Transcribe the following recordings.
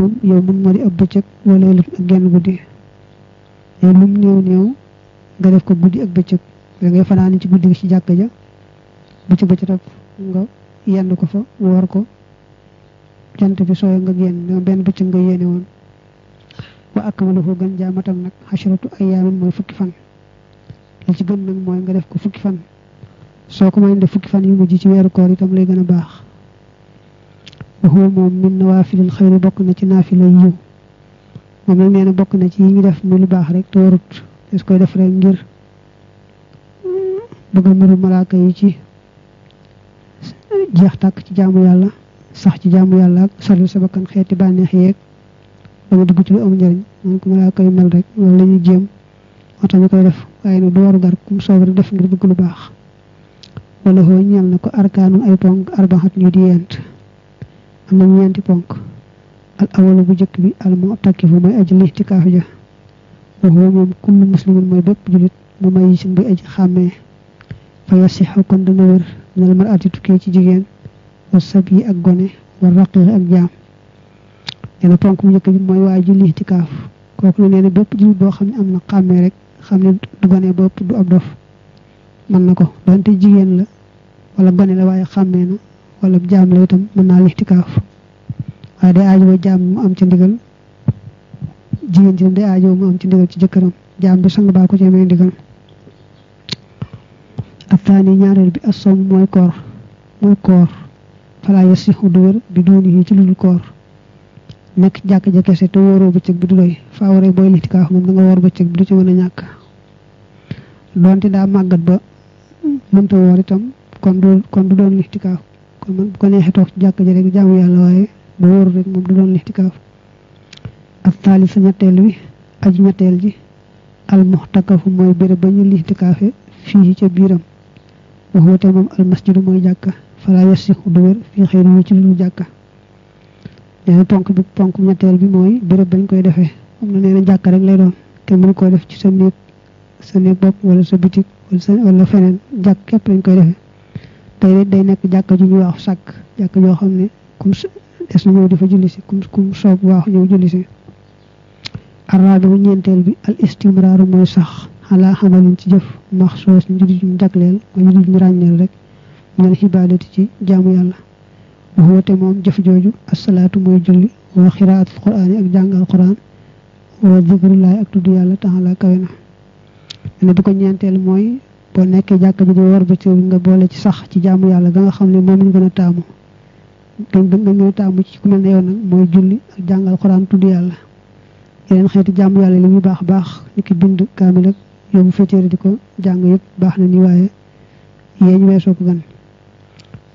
moom yow mun moo di ab bëccëg wala ak genn guddi yow lum nga def ko guddi ak bëccëg da ngay fanaani ci guddi ci jàkk ja bëccëg ba ca topp nga yenn ko fa woor ko jant bi sooy nga génn benn bëccëg nga yéene woon wa akmalahu gën jaa matal nag ay ayyaamin mooy fukki fan li ci gën nag mooy nga def ko fukki fan soo ko mën def fukki fan yu mujj ci weeru koor itam lay gën a baax waxuwa moom min nawaafilil xayri bokk na ci naafila yiw moom nag nee na bokk na ci yi ngi def muy lu baax rek te warut des koy def rek ngir bëgg a mbiru malaaka yi ci jeex tàkk ci jaamu yàlla sax ci jaamu yàlla ak sori sa bakkan xeeti bànneex yeeg ba nga dugg ci lu am njëriñ man ko malaaka yi mel rek loolu la ñuy jéem moo tax koy def waaye nag du waru gar kum soob def ngir bëgg lu baax wala xoo ñeel na ko arkaanu ay ponk arbaxat ñu di yent am na ñeenti ponk al awalu bu njëkk bi al mu'takifu mooy aji lixtikaaf ja waxoo moom kullu muslimin mooy bépp julit mu may sin bi aji xàmmee fa yasixu kon dana wér minal mar'ati tukkee ci jigéen wa sab yi ak gone wa raqiq ak jaam dena ponk mu njëkk bi mooy waa ji lixtikaaf kooku ne nee na bépp julit boo xam ne am na xàmmee rek xam ne du gone bopp du ab dof mën na ko donte jigéen la wala gone la waaye xàmmee na wala jaam la itam mën naa lixtikaaf waaye day aajo jaam mu am ci ndigal jigéen ci day aajo mu am ci ndigal ci jëkkëram jaam bi sang ci amee ndigal ak taani ñaareel bi asoom mooy koor mooy koor falaa yasixu du wér bi doon yi ci ludul koor nekk jàkk-ja kese te wóoroo bëccëg bi du doy faaw rek booy lixtikaaf moom da nga woor bëccëg bi du ci mën a ñàkk doonte daa màggat ba mënta woor itam kon du kon du doon lixtikaaf man bu ko neexee toog ci jàkka ji rek jaamu yàlla waaye bu wóoru rek moom du doon ixtikaaf ak taalis sa ñetteel wi aji ñetteel ji almuxtakafu mooy béréb ca biiram moom almasjidu mooy jàkka fala yasiqu du wér fii xëy yu ci ñetteel bi mooy béréb bañ koy defee am na nee na rek lay doon kenn mënu koy def ci sa néeg sa néeg bopp wala sa bitik wala feneen jàkk képp lañ koy defee tey day nekk jàkka ju ñuy wax sàkk jàkka joo xam ne kum des na ñëw di fa julli si kum kum soob waax ñëw julli si arraabiu ñeenteel bi al istimraaru mooy sax ala xamalin ci jëf max soo ñu julli juñ mooy julli ràññeel rek minal xibaadati ci jaamu yàlla waxuwate moom jëf jooju asalaatu mooy julli wa xiraatul quraan yi ak jàng al quraan wa zikrullahi ak tudd yàlla taala kawe na ne bu ko ñeenteel mooy boo nekkee jàkka ji di woor bëccëg nga boole ci sax ci jaamu yàlla ga nga xam ne moom lañ gën a taamu gën gën gën a taamu ci ku mel ne yow nag mooy julli ak jàngal xuraan tudd yàlla yeneen xeeti jaamu yàlla li muy baax baax ni ki bind kaamil ak yóbbu féetéere di ko jàng yëpp baax na ni waaye yee ñu weesoo ko gan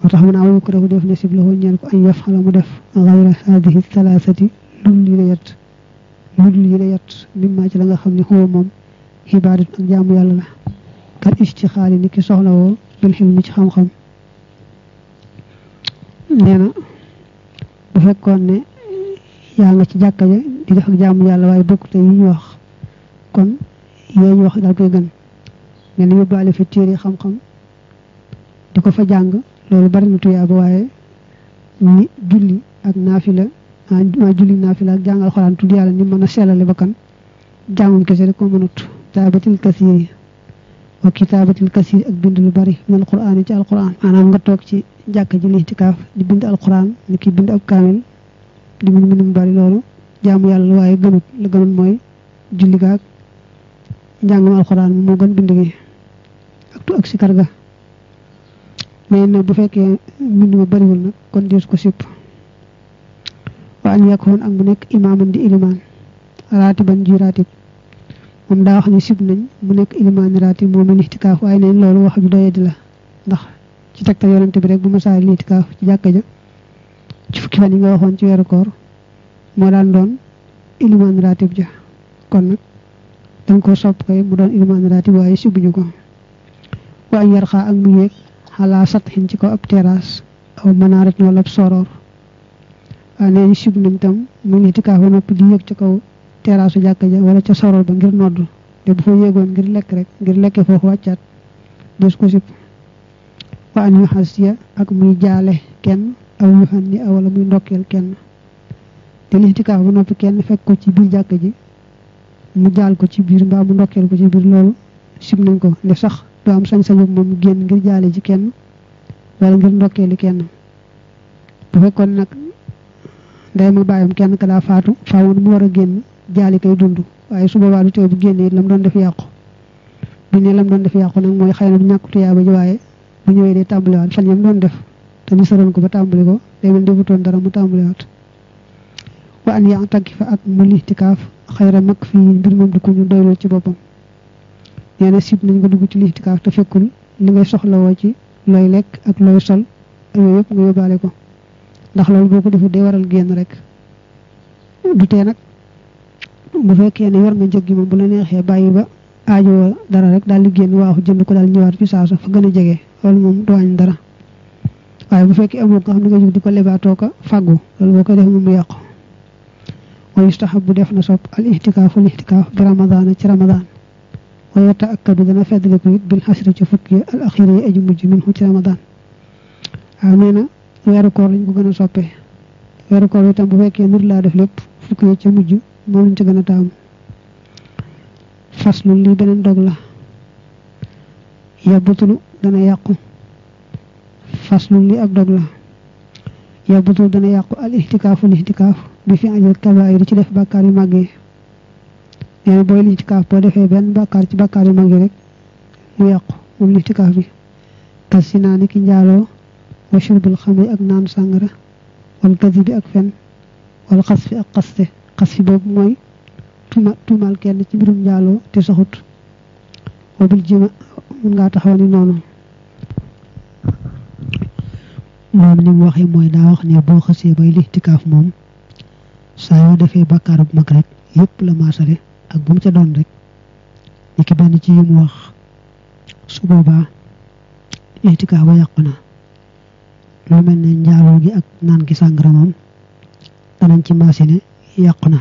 moo tax mun a aw ko rek def ne sibla woon ñeel ko añ yaf xala mu def xayra haadihi salaasati lul yi la yett lul yi la yett mimmaa ci la nga xam ne xoo moom ibaadatu ak jaamu yàlla la kal istixaali ni ki soxla woo bil ci xam-xam nee na bu fekkoon ne yaa nga ci jàkka ja di def ak jaamu yàlla waaye bokk te yi ñu wax kon yooyu ñu wax daal koy gën nee na yóbbaale fi téere xam-xam di ko fa jàng loolu bari na tuyaaba waaye ni julli ak naafila ah, ma julli naafila ak jàngal xoraan tudd yàlla ni mën a sellale bakkan jàngum kese rek ko mënut taabatil kasiir yi wa kitaabatil kasir ak bind lu bari minal quraan ci alquran maanaam nga toog ci jàkk ji lixtikaaf di bind alquran ni ki bind ab kaamil di mun munu mu bari loolu jaamu yàlla la waaye gënut la gënut mooy julli gaag njàngam alquran mu moo gën bind gi ak tu ak sikar ga mais nag bu fekkee mbind ma bariwul nag kon dees ko sipp waa an yàkkoon ak bu nekk imaaman di ilimaan raatiban ji raatib moom daa wax ne sib nañ mu nekk ilimaani raati moom in itikaaf waaye neen loolu wax ju doyadi la ndax ci tegtal yonante bi rek bu masaa li itikaaf ci jàkka ja nga waxoon ci weeru koor moo daan doon ilimaani raatib ja kon nag dañ ko sopp kay mu doon ilimaani raatib waaye sibuñu ko waaye yar xaa ak mu yéeg xalaa satxin ci ko ab terrasse aw manaarat wala ab soroor waaye neen sib nañ tam mu ngi itikaaf ba noppi di yéeg ci kaw teraasu jàkka ja wala ca sorol ba ngir nodd te bu fa yéegoon ngir lekk rek ngir lekki foofu wàccaat des ko sib wa an yu xas ya ak muy jaale kenn aw yu xan ni awala muy ndokkeel kenn te lixtikaaf ba noppi kenn fekk ko ci biir jàkk ji mu jaal ko ci biir mbaa mu ndokkeel ko ci biir loolu sib nañ ko ne sax du am sañ-sañu moom génn ngir jaale ji kenn wala ngir ndokkeeli kenn bu fekkoon nag ndey ma bàyyam kenn ka daa faatu faawoon mu war a génn jaali koy dund waaye su boobaa du teew bu génnee lam doon def yàqu bu ne lam doon def yàqu nag mooy xay na bu ñàkk tuyaaba ji waaye bu ñëwee day tàmbaliwaat fan yam doon def te ñu saroon ko ba tàmbali ko day mel defutoon dara mu tàmbaliwaat wa an yaa tàggi fa ak mu lixtikaaf xayra mag fii mbir ko ñu ci boppam nee na sib nañ nga dugg ci lixtikaaf te fekkul li ngay soxlawoo ci looy lekk ak looy sol yooyu yëpp nga yóbbaale ko ndax loolu boo ko defee day waral génn rek du tee bu fekkee ne yor nga njëg gi moom bu la neexee bàyyi ba aajo dara rek daal di génn waaxu jënd ko daal ñëwaat ci saa gën a jege loolu moom du wàññi dara waaye bu fekkee amoo ko xam ne nga jóg di ko lebaatoo ko fàggu loolu boo koy def moom mu yàqu wa bu def na sopp al ihtikaafu al ihtikaafu bi ramadaana ci ramadaan wa yataakkadu dana ko it bil xasri ci fukki al axiri yi aju mujj minhu ci ramadaan waaw nee na weeru koor liñ ko gën a soppee weeru koor itam bu fekkee nur laa def lépp fukki ci mujj moom lañ ci gën a taamu faslu lii beneen dog la yabutulu dana yàqu faslu lii ab dog la yabutulu dana yàqu al ihtikaafu lihtikaafu bi fi ajal ci def bàkkaar yu màgg yi nee booy lihtikaaf boo defee benn bàkkaar ci bàkkaar yu màgg yi rek mu yàqu moom lihtikaf bi kasi naa ni ki njaaloo wa shurbul xamri ak naan sàngara wal gazi ak fen wal xas ak xaste xas yi boobu mooy tuuma tuumaal kenn ci mbirum njaaloo te saxut wabil jima mun ngaa ni noonu moom ni waxee mooy daa wax ne boo xasee bay lixtikaaf moom saa yoo defee bàkkaar bu mag rek yëpp la maasale ak bu ca doon rek ni ki benn ci yi mu wax su boobaa lixtikaaf ba yàqu na lu mel ne njaaloo gi ak naan gi sàngara moom danañ ci maasine yàq na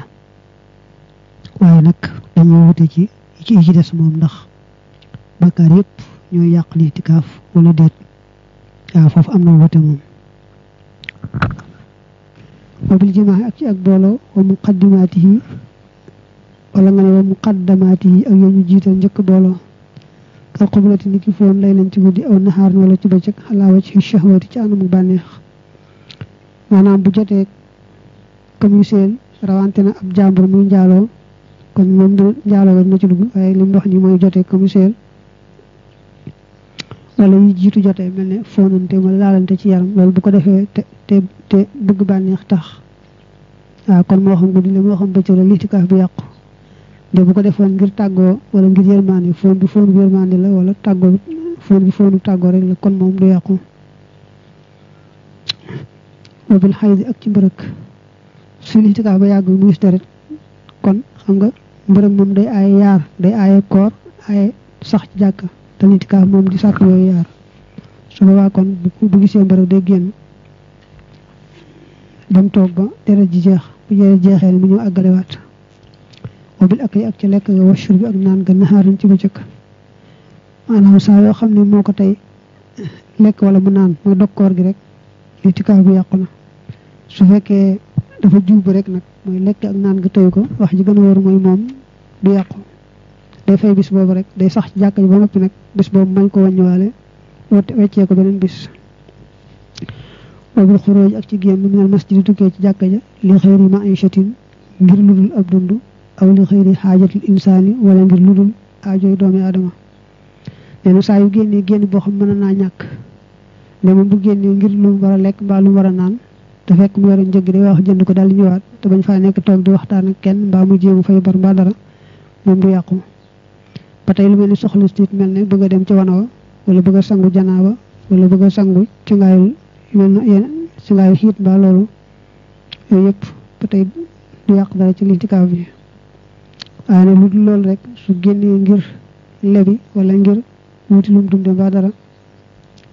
waaye nag dañoo wute ci ci des moom ndax bakkaar yëpp ñooy yàq liitikaaf wala déet waaw foofu am na wute moom wabil jimaa ak ci ak booloo wa muqaddimaati yi wala nga ne wa muqaddamaati yi ak yooyu ñu jiital njëkk booloo ka xublati ni ki foon lay leen ci guddi aw naxaarin wala ci bëccëg xalaawa ci shahwati ci anamu bànneex maanaam bu jotee comme yu seen rawante na ab jàmbur muy njaaloo kon moom du njaaloo gañ na ci dugg waaye li mu ni mooy jotee commissaire wala yu jiitu jotee mel ne foonante ma laalante ci yaram lool bu ko defee te te te bëgg bànneex tax waaw kon moo xam guddi la moo xam bëccëg la litikaaf bi yàqu de bu ko defoon ngir tàggoo wala ngir yërmaande foon bi foon bi yërmaande la wala tàggoo foon bi foonu tàggoo rek la kon moom du yàqu mobil xay ak ci mbërëk suñu itikaaf ba yàgg mu gis deret kon xam nga mbërëm moom day aaye yaar day aaye koor aaye sax ci jàkka te itikaaf moom di sàkk yooyu yaar su boobaa kon bu gisee mbërëm day génn ba mu toog ba deret ji jeex bu deret jeexee mu ñëw àggalewaat wabil ak yi ak ci lekk nga washur bi ak naan nga naxaaran ci bu jëkk maanaam saa yoo xam ne moo ko tey lekk wala mu naan mooy dog koor gi rek itikaaf bi yàqu na su fekkee dafa juub rek nag mooy lekk ak naan nga tëyu ko wax ji gën a wóor mooy moom du yàqu day fay bis boobu rek day sax ci jàkka ji ba noppi nag bis boobu mañ ko wàññiwaale weccee ko beneen bis wabul xuróoj ak ci génn minal masjid tukkee ci jàkka ja li xëyri ma'ichatin ngir ludul ab dund aw li xëyri xaajatul insaani wala ngir ludul aajoy doomi aadama nee na saa yu génnee génn boo xam mën a naa ñàkk mais moom bu génnee ngir lu mu war lekk mbaa lu war a naan te fekk mu yore njëg day wax jënd ko daal di ñëwaat te bañ faa nekk toog di waxtaan ak kenn mbaa mu jéem fay bar mbaa dara moom du yàqu ba tey lu mel ni soxla si mel ne bëgg a dem ci wana wa wala bëgg a sangu janaaba wala bëgg a sangu ci ngaayu mel na yéen ci ngaayu xiit mbaa loolu yooyu yëpp ba tey du yàq dara ci litikaaf bi waaye nag lu loolu rek su génnee ngir lebi wala ngir wuti lum dundee mbaa dara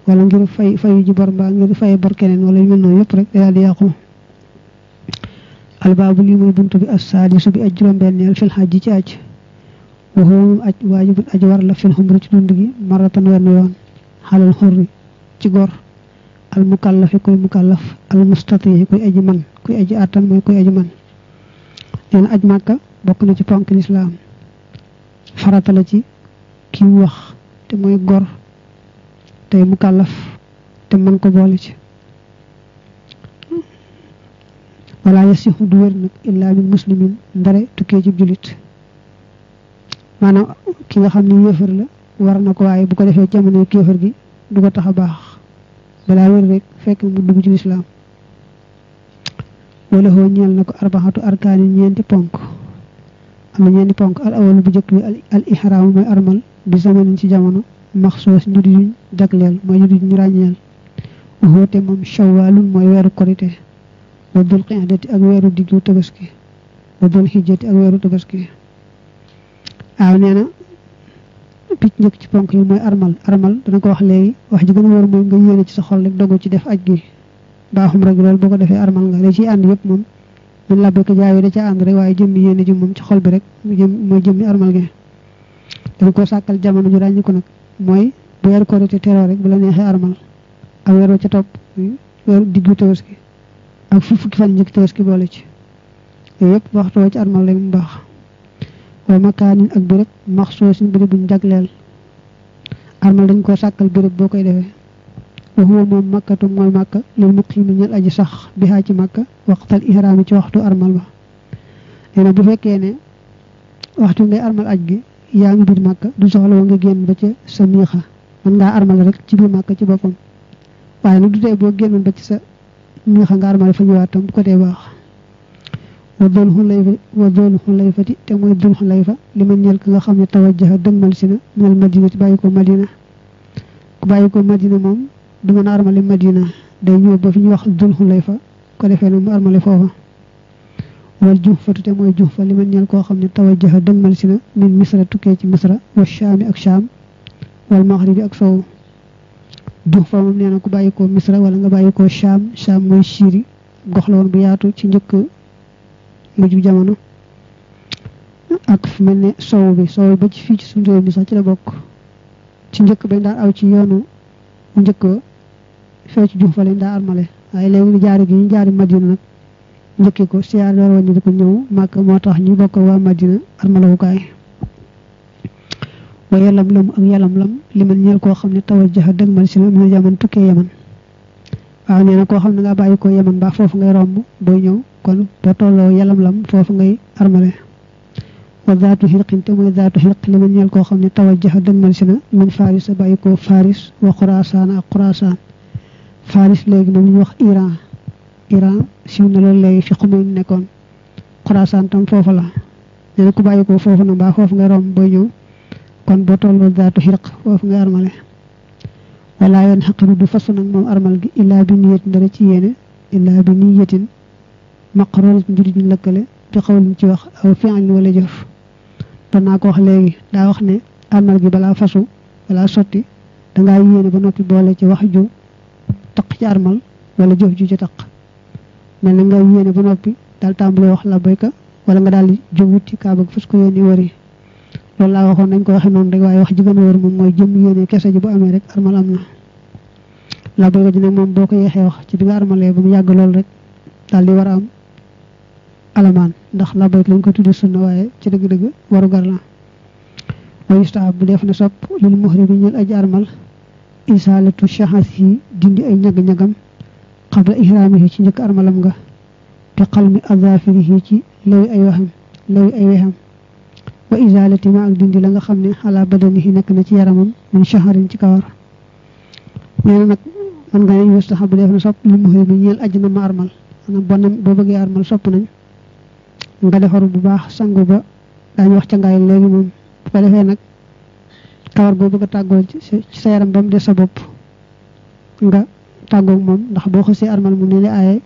wala ngir fay fayu ji bor mbaa ngir faye bor keneen wala yu mel noonu yëpp rek day daal di yàqu albaabu lii mooy buntu bi as saadisu bi aj juróom-benneel fil xaj ji ci aj waxoom aj waajibun aj war la fil xumri ci dund gi maratan wenn yoon xalal xurri ci gor al mukallafi kuy mukallaf al mustati kuy aji man kuy aji àttan mooy kuy aji man leen aj màkka bokk na ci ponk lislaam farata ci ki wax te mooy gor tey mu kàllaf te mën ko boole ci walla yasihu du wér nag illaa muslimin ndare tukkee jib julit maanaam ki nga xam ne yéefar la war na ko waaye bu ko defee jamono kéefar gi du ko tax a baax balaa wér rek fekk mu dugg ci lislaam wala xoo ñeel na ko arbaxatu arkaani ñeenti ponk am na ñeenti ponk al awal bu jëkk bi al ihraam mooy armal bi zamanin ci jamono maxsuus ñu di yi jagleel mooy ñu di ñu ràññeel te moom shawaalun mooy weeru korite wa dul qindati ak weeru diggu tabaski wa dul xijjati ak weeru tabaski waaw nee na picc njëkk ci ponk yi mooy armal armal dana ko wax léegi wax ji gën a wóor mooy nga yéene ci sa xol rek dogu ci def aj gi baaxum rek loolu boo ko defee armal nga da ànd yëpp moom ñun labbe ko jaay da ca ànd rek waaye jëmmi yéene ji moom ci xol bi rek jëm mooy jëmmi armal gi dana ko sàkkal jamono ju ràññi nag mooy bu weeru korite teroo rek bu la neexee armal ak weer wa ca topp hmm, weeru diggu tabaski ak fu fukki fan njëkk tabaski boole ci yooyu yëpp waxtu wa ci armal rek mu baax wa makaanin ak bërëb maxsuusin bërëb buñ jagleel armal dañ ko sàkkal bërëb boo koy defee wa huwa moom makkatu mooy makka lil muqimi ñel aji sax bi xaa ci makka waxtal ihraami ci waxtu armal ba nee na bu fekkee ne waxtu ngay armal aj gi yaa ngi biir màkka du soxla wa nga génn ba sa miixa mën ngaa armal rek ci biir màkka ci boppam waaye nag du tee boo génnoon ba ci sa miixa nga armal fa ñëwaat tam bu ko dee baax wa dul xulayfa wa dul xulayfati te mooy dul xulayfa li ma ñeel ka nga si na minal madina ci bàyyi ko madina ku bàyyi ko madina moom du mën a armale madina day ñëw ba fi ñu wax dul xulayfa ko defee nag mu armale foofa wal juhfatu te mooy juhfa li man ñeel koo xam ne tawajjaha dëmmal si na min misra tukkee ci misra wa shaami ak shaam wal maxribi ak sow juhfa moom nee na ku bàyyi koo misra wala nga bàyyi koo shaam shaam mooy siiri gox la woon bu yaatu ci njëkk mujj jamono ak fu mel ne sow bi sow bi ba ci fii ci suñu réew sax ci la bokk ci njëkk bañ daan aw ci yoonu njëkk fee ci juhfa lañ daa armale waaye léegi jaari gi ñu jaari madina nag njëkkee ko siyaar door waññi di ko ñëw màkk moo tax ñu bokk waa Madina armalawukaay wa yalam lam ak yalam lam li man ñeel koo xam ne tawajjaha dëgmal si la mu ne yaman tukkee yaman nee na koo xam ne nga bàyyi ko yaman baax foofu ngay romb booy ñëw kon boo tolloo yalam lam foofu ngay armale wa zaatu xirqin te mooy zaatu xirq li koo xam ne tawajjaha dëgmal si na min faris a bàyyi ko faris wa xuraasaan ak xuraasaan faris léegi moom ñu wax Iran Iran siiw na loolu lay fi xumay nekkoon xorasaan tam foofu la nee na ku bàyyi ko foofu na mbaa foofu nga romb boo ñëw kon boo tolloo daatu xirq foofu nga armale walaa yoon xaqiru du fasu nag moom armal gi illaa bi niyet ndara ci yéene illaa bi niyetin maqrolat mbir ñu lëkkale bi xawlin ci wax aw fi'lin wala jëf doon naa ko wax léegi daa wax ne armal gi balaa fasu balaa sotti dangaa yéene ba noppi boole ci wax ju taq ci armal wala jëf ju ci taq mel na nga yéene ba noppi daal tàmbalee wax labbayka wala nga daal di jëm wut ci kaaba fas ko yéene wari loolu laa waxoon nañ ko waxee noonu rek waaye wax ji gën moom mooy jëm yéene kese ji bu amee rek armal am na labbayka ji nag moom boo ko yeexee wax ci bi nga armalee ba mu yàgg loolu rek daal di war a am alamaan ndax labbayka lañ ko tudde sunna waaye ci dëgg-dëgg waru gar la wa yustaab bu def na sopp lil muhrim bi ñeel aji armal isaalatu shahasi dindi ay ñag-ñagam qabla ihraamihi ci njëkk armalam nga te xalmi azaafirihi ci lawi ay waxam lawi ay wexam wa izaalati ma ak dindi la nga xam ne xalaa badanihi nekk na ci yaramam min shaharin ci kawar nee na nag man nga ne yustahabu def na sopp lu muhrimu ñeel aj na ma armal maanaam boo bëggee armal sopp nañ nga defaru bu baax sangu ba daañu wax ca ngay léegi moom bu ko nag kawar boo bëgg tàggoo ci sa yaram ba mu sa bopp nga tàggoog moom ndax boo xasee armal mu ne la aaye